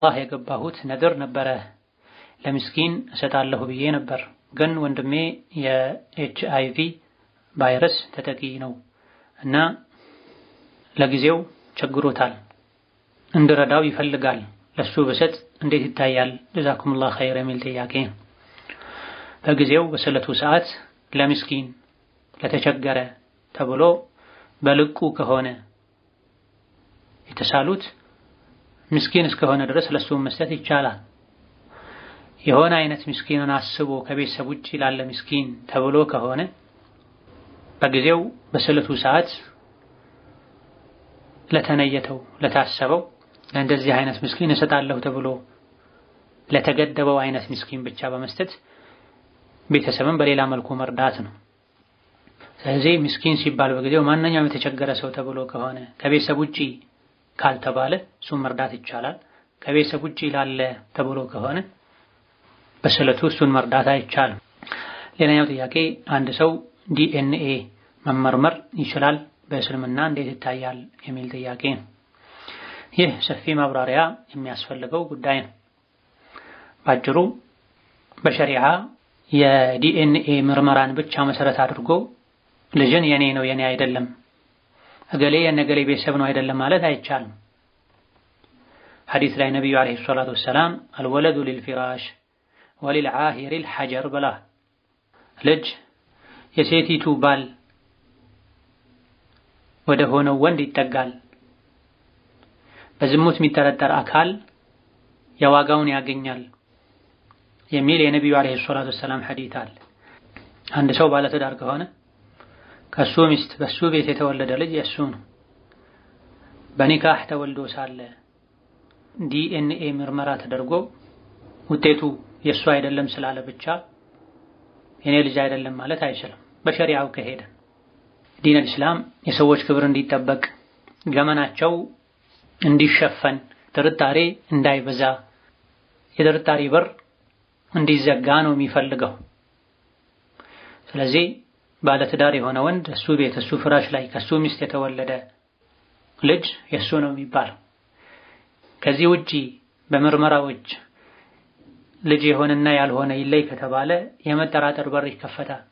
አላህ የገባሁት ነድር ነበረ ለምስኪን እሰጣለሁ ብዬ ነበር። ግን ወንድሜ የኤች አይ ቪ ቫይረስ ተጠቂ ነው እና ለጊዜው ቸግሮታል፣ እንድረዳው ይፈልጋል። ለሱ ብሰጥ እንዴት ይታያል? ጀዛኩሙላህ ኸይር የሚል ጥያቄ። በጊዜው በስለቱ ሰዓት ለምስኪን ለተቸገረ ተብሎ በልቁ ከሆነ የተሳሉት ምስኪን እስከሆነ ድረስ ለሱም መስጠት ይቻላል። የሆነ አይነት ምስኪንን አስቦ ከቤተሰብ ውጭ ላለ ምስኪን ተብሎ ከሆነ በጊዜው በስለቱ ሰዓት ለተነየተው ለታሰበው ለእንደዚህ አይነት ምስኪን እሰጣለሁ ተብሎ ለተገደበው አይነት ምስኪን ብቻ በመስጠት ቤተሰብን በሌላ መልኩ መርዳት ነው። ስለዚህ ምስኪን ሲባል በጊዜው ማንኛውም የተቸገረ ሰው ተብሎ ከሆነ ከቤተሰብ ውጭ ካልተባለ ሱ መርዳት ይቻላል። ከቤተሰብ ውጭ ላለ ተብሎ ከሆነ በስለቱ እሱን መርዳት አይቻልም። ሌላኛው ጥያቄ አንድ ሰው ዲኤንኤ መመርመር ይችላል በእስልምና እንዴት ይታያል የሚል ጥያቄ ነው። ይህ ሰፊ ማብራሪያ የሚያስፈልገው ጉዳይ ነው። ባጭሩ በሸሪዓ የዲኤንኤ ምርመራን ብቻ መሰረት አድርጎ ልጅን የኔ ነው የኔ አይደለም እገሌ የነገሌ ቤተሰብ ነው አይደለም ማለት አይቻልም። ሐዲስ ላይ ነቢዩ ዓለይሂ ሰላቱ ወሰላም አልወለዱ ሊልፊራሽ ወሊልዓሂሪ ልሐጀር ብላ ልጅ የሴቲቱ ባል ወደ ሆነው ወንድ ይጠጋል። በዝሙት የሚጠረጠር አካል የዋጋውን ያገኛል የሚል የነቢዩ ዓለይሂ ሰላቱ ወሰላም ሐዲት አለ። አንድ ሰው ባለትዳር ከሆነ ከሱ ሚስት በሱ ቤት የተወለደ ልጅ የሱ ነው። በኒካህ ተወልዶ ሳለ ዲኤንኤ ምርመራ ተደርጎ ውጤቱ የሱ አይደለም ስላለ ብቻ የኔ ልጅ አይደለም ማለት አይችልም። በሸሪያው ከሄደ ዲን ኢስላም የሰዎች ክብር እንዲጠበቅ፣ ገመናቸው እንዲሸፈን፣ ጥርጣሬ እንዳይበዛ፣ የጥርጣሬ በር እንዲዘጋ ነው የሚፈልገው። ስለዚህ ባለትዳር የሆነ ወንድ እሱ ቤት እሱ ፍራሽ ላይ ከሱ ሚስት የተወለደ ልጅ የእሱ ነው የሚባለው። ከዚህ ውጪ በምርመራዎች ልጅ የሆነና ያልሆነ ይለይ ከተባለ የመጠራጠር በር ይከፈታል።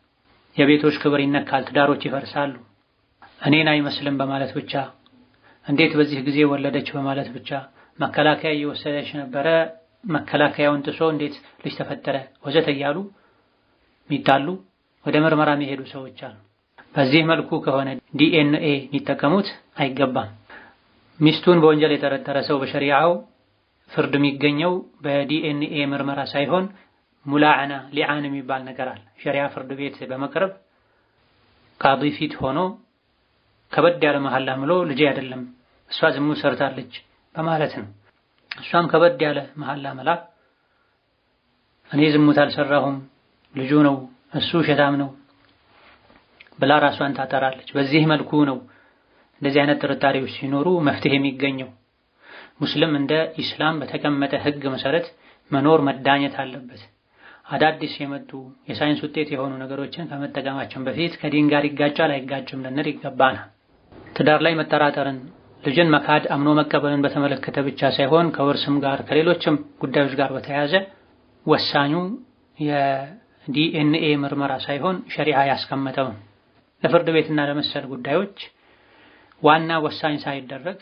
የቤቶች ክብር ይነካል፣ ትዳሮች ይፈርሳሉ። እኔን አይመስልም በማለት ብቻ እንዴት በዚህ ጊዜ ወለደች በማለት ብቻ መከላከያ እየወሰደች ነበረ፣ መከላከያውን ጥሶ እንዴት ልጅ ተፈጠረ ወዘተ እያሉ ሚጣሉ ወደ ምርመራ የሚሄዱ ሰዎች አሉ። በዚህ መልኩ ከሆነ ዲኤንኤ የሚጠቀሙት አይገባም። ሚስቱን በወንጀል የጠረጠረ ሰው በሸሪዓው ፍርድ የሚገኘው በዲኤንኤ ምርመራ ሳይሆን ሙላዕና ሊዓን የሚባል ነገር አለ። ሸሪዓ ፍርድ ቤት በመቅረብ ቃዲ ፊት ሆኖ ከበድ ያለ መሐላ ምሎ ልጄ አይደለም እሷ ዝሙት ሰርታለች በማለት ነው። እሷም ከበድ ያለ መሐላ መላ እኔ ዝሙት አልሰራሁም ልጁ ነው እሱ ሸታም ነው ብላ ራሷን ታጠራለች። በዚህ መልኩ ነው እንደዚህ አይነት ጥርጣሬዎች ሲኖሩ መፍትሄ የሚገኘው። ሙስሊም እንደ ኢስላም በተቀመጠ ህግ መሰረት መኖር መዳኘት አለበት። አዳዲስ የመጡ የሳይንስ ውጤት የሆኑ ነገሮችን ከመጠቀማችን በፊት ከዲን ጋር ይጋጫል አይጋጭም ልንል ይገባናል። ትዳር ላይ መጠራጠርን፣ ልጅን መካድ፣ አምኖ መቀበልን በተመለከተ ብቻ ሳይሆን ከውርስም ጋር ከሌሎችም ጉዳዮች ጋር በተያያዘ ወሳኙ ዲኤንኤ ምርመራ ሳይሆን ሸሪዓ ያስቀመጠው ለፍርድ ቤትና ለመሰል ጉዳዮች ዋና ወሳኝ ሳይደረግ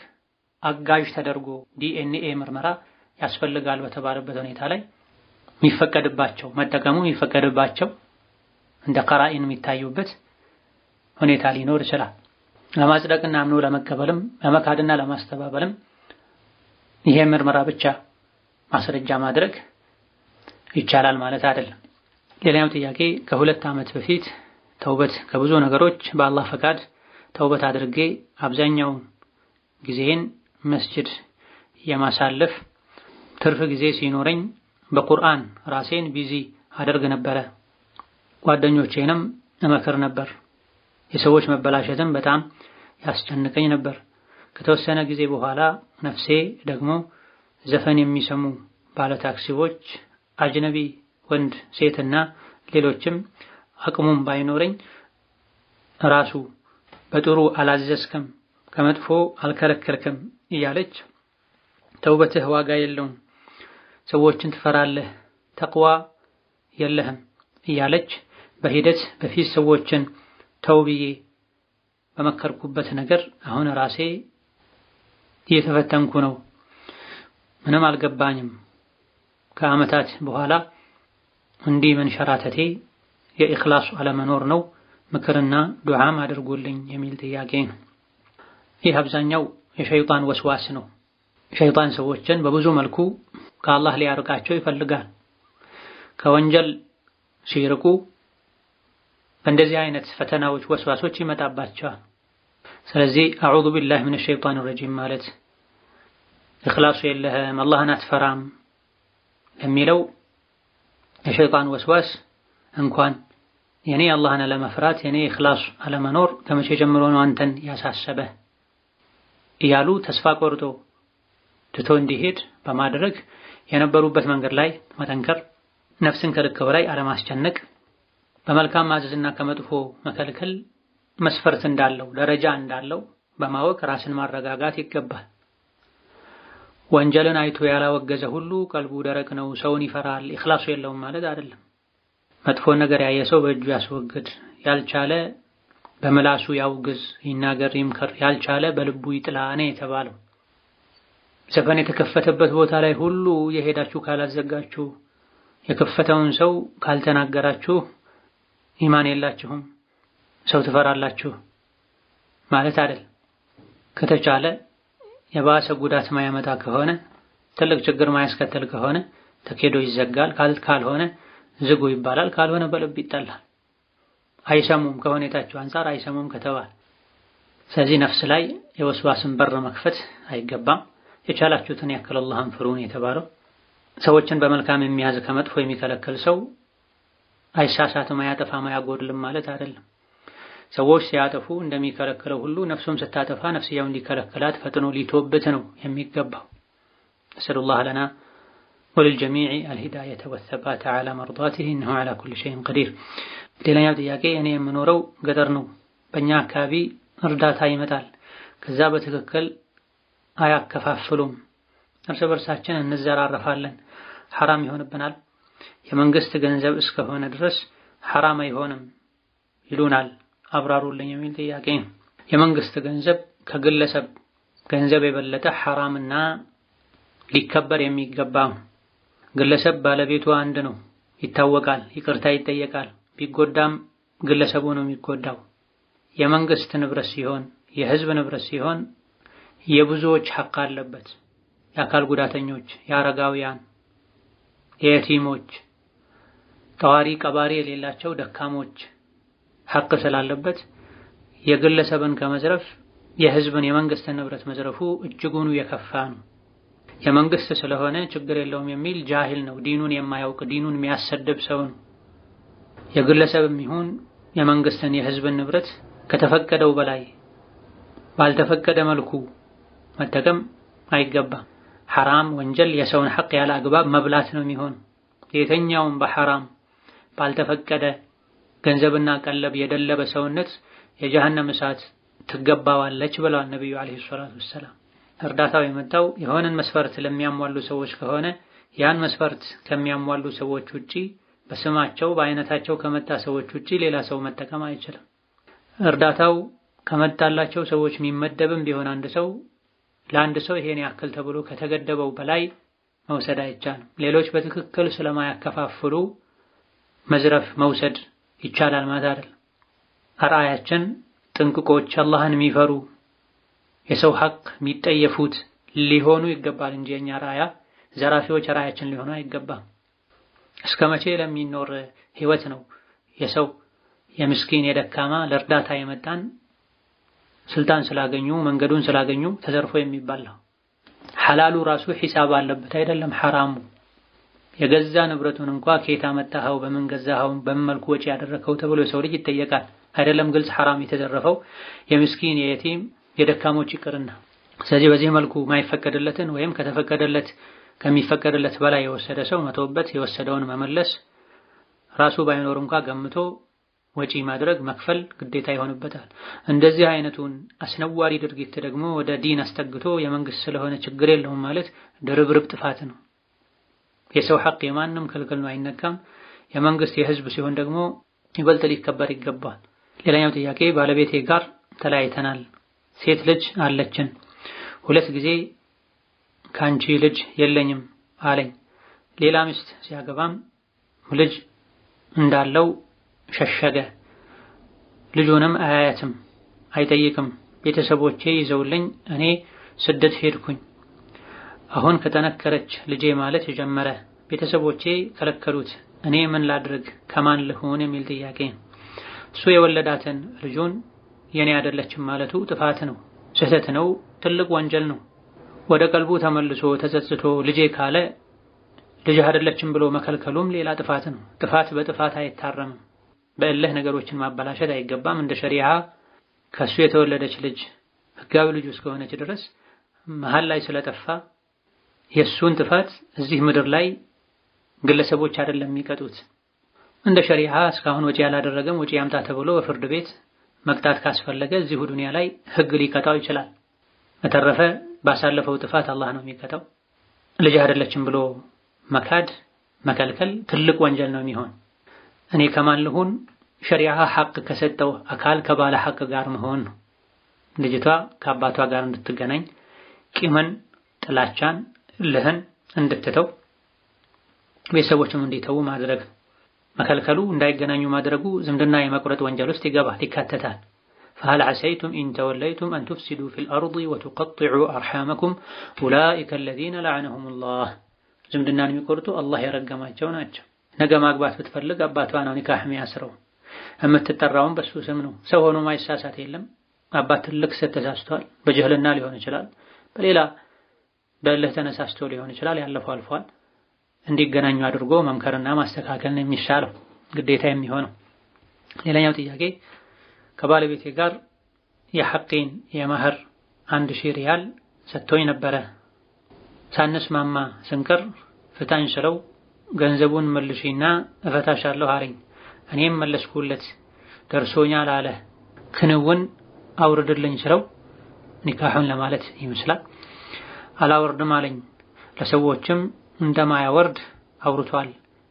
አጋዥ ተደርጎ ዲኤንኤ ምርመራ ያስፈልጋል በተባለበት ሁኔታ ላይ የሚፈቀድባቸው መጠቀሙ የሚፈቀድባቸው እንደ ከራኢን የሚታዩበት ሁኔታ ሊኖር ይችላል። ለማጽደቅና አምኖ ለመቀበልም ለመካድና ለማስተባበልም ይሄ ምርመራ ብቻ ማስረጃ ማድረግ ይቻላል ማለት አይደለም። ሌላኛው ጥያቄ ከሁለት ዓመት በፊት ተውበት ከብዙ ነገሮች በአላህ ፈቃድ ተውበት አድርጌ አብዛኛው ጊዜን መስጅድ የማሳለፍ ትርፍ ጊዜ ሲኖረኝ በቁርአን ራሴን ቢዚ አደርግ ነበረ። ጓደኞቼንም እመክር ነበር። የሰዎች መበላሸትም በጣም ያስጨንቀኝ ነበር። ከተወሰነ ጊዜ በኋላ ነፍሴ ደግሞ ዘፈን የሚሰሙ ባለታክሲዎች፣ አጅነቢ ወንድ ሴትና ሌሎችም አቅሙም ባይኖረኝ ራሱ በጥሩ አላዘዝከም ከመጥፎ አልከለከልክም እያለች ተውበትህ ዋጋ የለውም፣ ሰዎችን ትፈራለህ፣ ተቅዋ የለህም እያለች በሂደት በፊት ሰዎችን ተው ብዬ በመከርኩበት ነገር አሁን ራሴ እየተፈተንኩ ነው። ምንም አልገባኝም። ከዓመታት በኋላ እንዲህ መንሸራተቴ የኢኽላሱ አለመኖር ነው ምክርና ዱዓም አድርጎልኝ የሚል ጥያቄ ነው። ይህ አብዛኛው የሸይጣን ወስዋስ ነው። ሸይጣን ሰዎችን በብዙ መልኩ ከአላህ ሊያርቃቸው ይፈልጋል። ከወንጀል ሲርቁ በእንደዚህ አይነት ፈተናዎች፣ ወስዋሶች ይመጣባቸዋል። ስለዚህ አዑዙ ቢላህ ሚነ ሸይጣን ረጂም ማለት ኢኽላሱ የለህም አላህን አትፈራም ለሚለው የሸይጣን ወስዋስ እንኳን የኔ አላህን አለመፍራት የኔ ኢኽላስ አለመኖር ከመቼ ጀምሮ ነው አንተን ያሳሰበ እያሉ ተስፋ ቆርጦ ትቶ እንዲሄድ በማድረግ የነበሩበት መንገድ ላይ መጠንከር፣ ነፍስን ከልክ ላይ አለማስጨነቅ፣ በመልካም ማዘዝና ከመጥፎ መከልከል መስፈርት እንዳለው ደረጃ እንዳለው በማወቅ ራስን ማረጋጋት ይገባል። ወንጀልን አይቶ ያላወገዘ ሁሉ ቀልቡ ደረቅ ነው፣ ሰውን ይፈራል፣ ኢኽላሱ የለውም ማለት አይደለም። መጥፎ ነገር ያየ ሰው በእጁ ያስወግድ፣ ያልቻለ በምላሱ ያውግዝ፣ ይናገር፣ ይምከር፣ ያልቻለ በልቡ ይጥላ ነው የተባለው። ዘፈን የተከፈተበት ቦታ ላይ ሁሉ የሄዳችሁ ካላዘጋችሁ፣ የከፈተውን ሰው ካልተናገራችሁ ኢማን የላችሁም፣ ሰው ትፈራላችሁ ማለት አይደል። ከተቻለ የባሰ ጉዳት ማያመጣ ከሆነ ትልቅ ችግር ማያስከትል ከሆነ ተኬዶ ይዘጋል። ካልሆነ ዝጉ ይባላል። ካልሆነ በልብ ይጠላል። አይሰሙም ከሁኔታቸው አንፃር አይሰሙም ከተባል ስለዚህ ነፍስ ላይ የወስዋስን በር መክፈት አይገባም። የቻላችሁትን ያክል አላህን ፍሩን የተባለው ሰዎችን በመልካም የሚያዝ ከመጥፎ የሚከለክል ሰው አይሳሳትም፣ አያጠፋም፣ አያጎድልም ማለት አይደለም። ሰዎች ሲያጠፉ እንደሚከለከለው ሁሉ ነፍሱም ስታጠፋ ነፍስያው እንዲከለከላት ፈጥኖ ሊቶበት ነው የሚገባው። ነስአሉላህ ለና ወልልጀሚዕ አልሂዳየተ ወሰባት ዐላ መርዳቲህ ኢነሁ ዐላ ኩሊ ሸይን ቀዲር። ሌላኛው ጥያቄ እኔ የምኖረው ገጠር ነው። በእኛ አካባቢ እርዳታ ይመጣል፣ ከዛ በትክክል አያከፋፍሉም። እርስ በርሳችን እንዘራረፋለን፣ ሐራም ይሆንብናል። የመንግስት ገንዘብ እስከሆነ ድረስ ሐራም አይሆንም ይሉናል። አብራሩልኝ የሚል ጥያቄ ነው። የመንግስት ገንዘብ ከግለሰብ ገንዘብ የበለጠ ሐራምና ሊከበር የሚገባ ግለሰብ ባለቤቱ አንድ ነው፣ ይታወቃል፣ ይቅርታ ይጠየቃል። ቢጎዳም ግለሰቡ ነው የሚጎዳው። የመንግስት ንብረት ሲሆን፣ የህዝብ ንብረት ሲሆን የብዙዎች ሐቅ አለበት። የአካል ጉዳተኞች፣ የአረጋውያን፣ የየቲሞች፣ ጠዋሪ ቀባሪ የሌላቸው ደካሞች ሐቅ ስላለበት የግለሰብን ከመዝረፍ የህዝብን የመንግስትን ንብረት መዝረፉ እጅጉኑ የከፋ ነው። የመንግስት ስለሆነ ችግር የለውም የሚል ጃሂል ነው። ዲኑን የማያውቅ ዲኑን የሚያሰድብ ሰው ነው። የግለሰብም ይሁን የመንግስትን የህዝብን ንብረት ከተፈቀደው በላይ ባልተፈቀደ መልኩ መጠቀም አይገባም። ሐራም ወንጀል የሰውን ሐቅ ያለ አግባብ መብላት ነው የሚሆን የተኛውም በሐራም ባልተፈቀደ ገንዘብና ቀለብ የደለበ ሰውነት የጀሀነም እሳት ትገባዋለች ብለዋል ነቢዩ አለይሂ ሰላቱ ወሰላም። እርዳታው የመጣው የሆነን መስፈርት ለሚያሟሉ ሰዎች ከሆነ ያን መስፈርት ከሚያሟሉ ሰዎች ውጪ በስማቸው በአይነታቸው ከመጣ ሰዎች ውጪ ሌላ ሰው መጠቀም አይችልም። እርዳታው ከመጣላቸው ሰዎች የሚመደብም ቢሆን አንድ ሰው ለአንድ ሰው ይሄን ያክል ተብሎ ከተገደበው በላይ መውሰድ አይቻልም። ሌሎች በትክክል ስለማያከፋፍሉ መዝረፍ፣ መውሰድ ይቻላል ማለት አይደለም። አርአያችን ጥንቅቆች፣ አላህን የሚፈሩ የሰው ሐቅ የሚጠየፉት ሊሆኑ ይገባል እንጂ የኛ ራያ ዘራፊዎች ራያችን ሊሆኑ አይገባም። እስከ መቼ ለሚኖር ህይወት ነው የሰው የምስኪን የደካማ ለእርዳታ የመጣን ስልጣን ስላገኙ መንገዱን ስላገኙ ተዘርፎ ነው። ሐላሉ ራሱ ሂሳብ አለበት አይደለም ሐራሙ የገዛ ንብረቱን እንኳ ከየት አመጣኸው፣ በምን ገዛኸው፣ በምን መልኩ ወጪ ያደረከው ተብሎ የሰው ልጅ ይጠየቃል። አይደለም ግልጽ ሐራም የተዘረፈው የምስኪን፣ የየቲም የደካሞች ይቅርና። ስለዚህ በዚህ መልኩ ማይፈቀድለትን ወይም ከተፈቀደለት ከሚፈቀድለት በላይ የወሰደ ሰው መተውበት፣ የወሰደውን መመለስ፣ ራሱ ባይኖር እንኳ ገምቶ ወጪ ማድረግ መክፈል ግዴታ ይሆንበታል። እንደዚህ አይነቱን አስነዋሪ ድርጊት ደግሞ ወደ ዲን አስጠግቶ የመንግስት ስለሆነ ችግር የለውም ማለት ድርብርብ ጥፋት ነው። የሰው ሐቅ የማንም ክልክል ነው፣ አይነካም። የመንግስት የህዝብ ሲሆን ደግሞ ይበልጥ ሊከበር ይገባል። ሌላኛው ጥያቄ ባለቤቴ ጋር ተለያይተናል። ሴት ልጅ አለችን። ሁለት ጊዜ ከአንቺ ልጅ የለኝም አለኝ። ሌላ ሚስት ሲያገባም ልጅ እንዳለው ሸሸገ። ልጁንም አያያትም፣ አይጠይቅም። ቤተሰቦቼ ይዘውልኝ እኔ ስደት ሄድኩኝ። አሁን ከጠነከረች ልጄ ማለት የጀመረ ቤተሰቦቼ ከለከሉት፣ እኔ ምን ላድርግ ከማን ልሆን የሚል ጥያቄ እሱ የወለዳትን ልጁን የኔ አይደለችም ማለቱ ጥፋት ነው፣ ስህተት ነው፣ ትልቅ ወንጀል ነው። ወደ ቀልቡ ተመልሶ ተጸጽቶ ልጄ ካለ ልጅ አይደለችም ብሎ መከልከሉም ሌላ ጥፋት ነው። ጥፋት በጥፋት አይታረምም። በእልህ ነገሮችን ማበላሸት አይገባም። እንደ ሸሪዓ ከሱ የተወለደች ልጅ ህጋዊ ልጁ እስከሆነች ድረስ መሀል ላይ ስለጠፋ የሱን ጥፋት እዚህ ምድር ላይ ግለሰቦች አይደለም የሚቀጡት። እንደ ሸሪዓ እስካሁን ወጪ ያላደረገም ወጪ ያምጣ ተብሎ በፍርድ ቤት መቅጣት ካስፈለገ እዚሁ ዱንያ ላይ ህግ ሊቀጣው ይችላል። በተረፈ ባሳለፈው ጥፋት አላህ ነው የሚቀጣው። ልጅ አይደለችም ብሎ መካድ መከልከል ትልቅ ወንጀል ነው የሚሆን። እኔ ከማን ልሁን? ሸሪዓ ሐቅ ከሰጠው አካል ከባለ ሐቅ ጋር መሆን ልጅቷ ከአባቷ ጋር እንድትገናኝ ቂምን፣ ጥላቻን እልህን እንድትተው ቤተሰቦችም እንዲተው ማድረግ መከልከሉ እንዳይገናኙ ማድረጉ ዝምድና የመቁረጥ ወንጀል ውስጥ ይገባል፣ ይካተታል። فهل عسيتم إن توليتم أن تفسدوا في الأرض وتقطعوا أرحامكم أولئك الذين لعنهم الله ዝምድናን የሚቆርጡ አላህ የረገማቸው ናቸው። ነገ ማግባት ብትፈልግ አባቷ ነው ኒካህ የሚያስረው። የምትጠራውን በሱ ስም ነው። ሰው ሆኖ ማይሳሳት የለም። አባት ትልቅ ስህተት ተሳስቷል። በጅህልና ሊሆን ይችላል በሌላ በእልህ ተነሳስቶ ሊሆን ይችላል ያለፈው አልፏል። እንዲገናኙ አድርጎ መምከርና ማስተካከልን የሚሻለው ግዴታ የሚሆነው። ሌላኛው ጥያቄ ከባለቤቴ ጋር የሐቄን የመህር አንድ ሺህ ሪያል ሰጥቶኝ ነበረ። ሳንስማማ ስንቅር ፍታኝ ስለው ገንዘቡን መልሽና እፈታሻለሁ አለኝ። እኔም መለስኩለት። ደርሶኛል አለ። ክንውን አውርድልኝ ስለው ኒካሑን ለማለት ይመስላል አላወርድም አለኝ። ለሰዎችም እንደማያወርድ አውርቷል።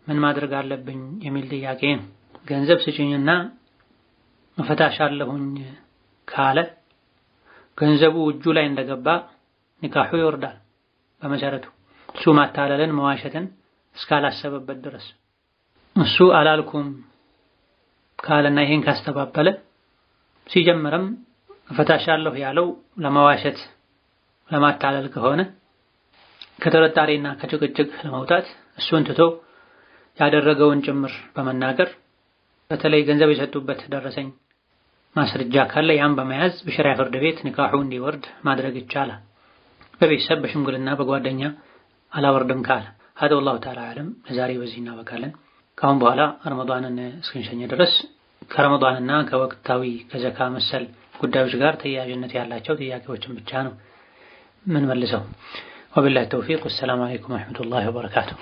ምን ማድረግ አለብኝ የሚል ጥያቄ ነው። ገንዘብ ስጭኝና እፈታሻለሁኝ ካለ ገንዘቡ እጁ ላይ እንደገባ ኒካሑ ይወርዳል። በመሰረቱ እሱ ማታለልን መዋሸትን እስካላሰበበት ድረስ እሱ አላልኩም ካለና ይሄን ካስተባበለ ሲጀምርም እፈታሻለሁ ያለው ለመዋሸት ለማታለል ከሆነ ከጥርጣሬና ከጭቅጭቅ ለመውጣት እሱን ትቶ ያደረገውን ጭምር በመናገር በተለይ ገንዘብ የሰጡበት ደረሰኝ ማስረጃ ካለ ያን በመያዝ በሸሪያ ፍርድ ቤት ኒካሁ እንዲወርድ ማድረግ ይቻላል። በቤተሰብ በሽምግልና በጓደኛ አላወርድም ካለ ሀደ ወላሁ ተዓላ አለም። ለዛሬ በዚህ እናበቃለን። ከአሁን በኋላ ረመዷንን እስክንሸኘ ድረስ ከረመዷንና ከወቅታዊ ከዘካ መሰል ጉዳዮች ጋር ተያያዥነት ያላቸው ጥያቄዎችን ብቻ ነው من ملزه وبالله التوفيق والسلام عليكم ورحمة الله وبركاته